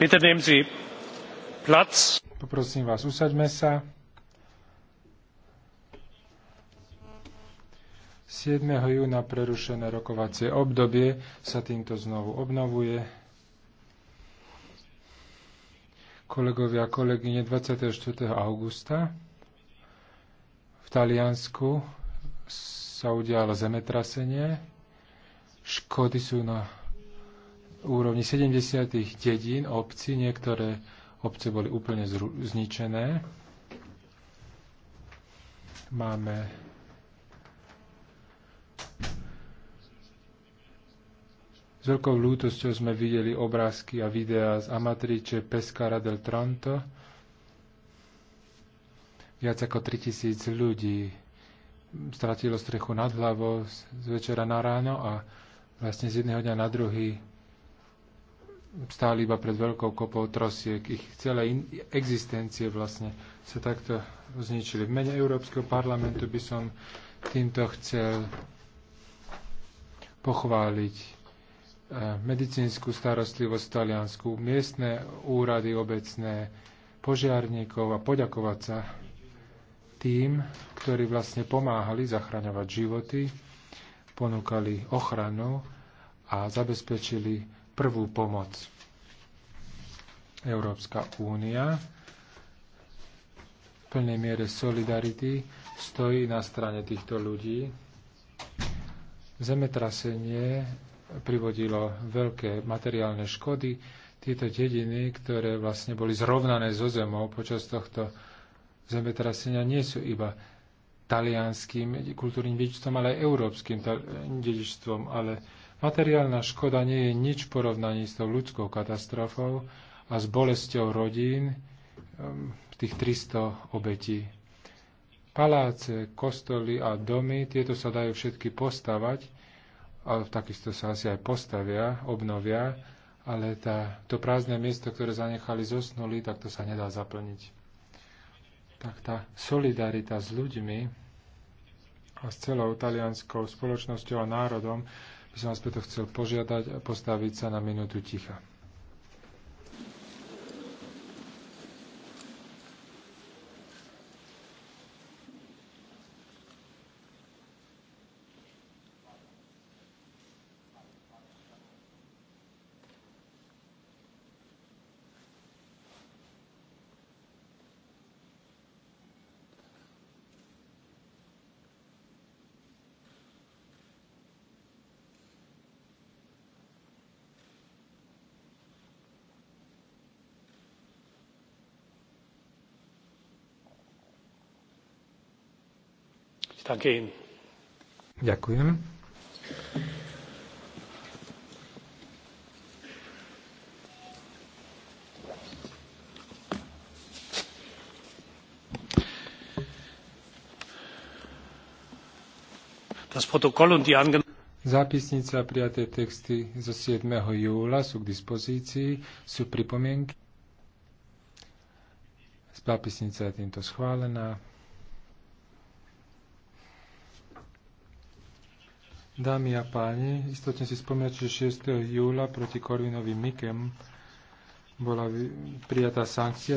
Bitte nehmen Sie Platz. Poprosím vás, usaďme sa. 7. júna prerušené rokovacie obdobie sa týmto znovu obnovuje. Kolegovia a kolegyne, 24. augusta v Taliansku sa udialo zemetrasenie. Škody sú na úrovni 70. dedín obci. Niektoré obce boli úplne zničené. Máme S veľkou ľútosťou sme videli obrázky a videá z amatriče Pescara del Tronto. Viac ako 3000 ľudí stratilo strechu nad hlavou z večera na ráno a vlastne z jedného dňa na druhý stáli iba pred veľkou kopou trosiek. Ich celé existencie vlastne sa takto zničili. V mene Európskeho parlamentu by som týmto chcel pochváliť eh, medicínsku starostlivosť v Taliansku, miestne úrady obecné, požiarníkov a poďakovať sa tým, ktorí vlastne pomáhali zachraňovať životy, ponúkali ochranu a zabezpečili prvú pomoc. Európska únia v plnej miere solidarity stojí na strane týchto ľudí. Zemetrasenie privodilo veľké materiálne škody. Tieto dediny, ktoré vlastne boli zrovnané so zemou počas tohto zemetrasenia, nie sú iba talianským kultúrnym dedičstvom, ale aj európskym dedičstvom, ale Materiálna škoda nie je nič v porovnaní s tou ľudskou katastrofou a s bolesťou rodín tých 300 obetí. Paláce, kostoly a domy, tieto sa dajú všetky postavať, a takisto sa asi aj postavia, obnovia, ale tá, to prázdne miesto, ktoré zanechali zosnuli, tak to sa nedá zaplniť. Tak tá solidarita s ľuďmi a s celou talianskou spoločnosťou a národom by som vás preto chcel požiadať a postaviť sa na minútu ticha. Danke Ihnen. Ďakujem. Zápisnica a prijaté texty zo 7. júla sú k dispozícii, sú pripomienky. Zápisnica je týmto schválená. Dámy a páni, istotne si spomínate, že 6. júla proti Korvinovi Mikem bola prijatá sankcia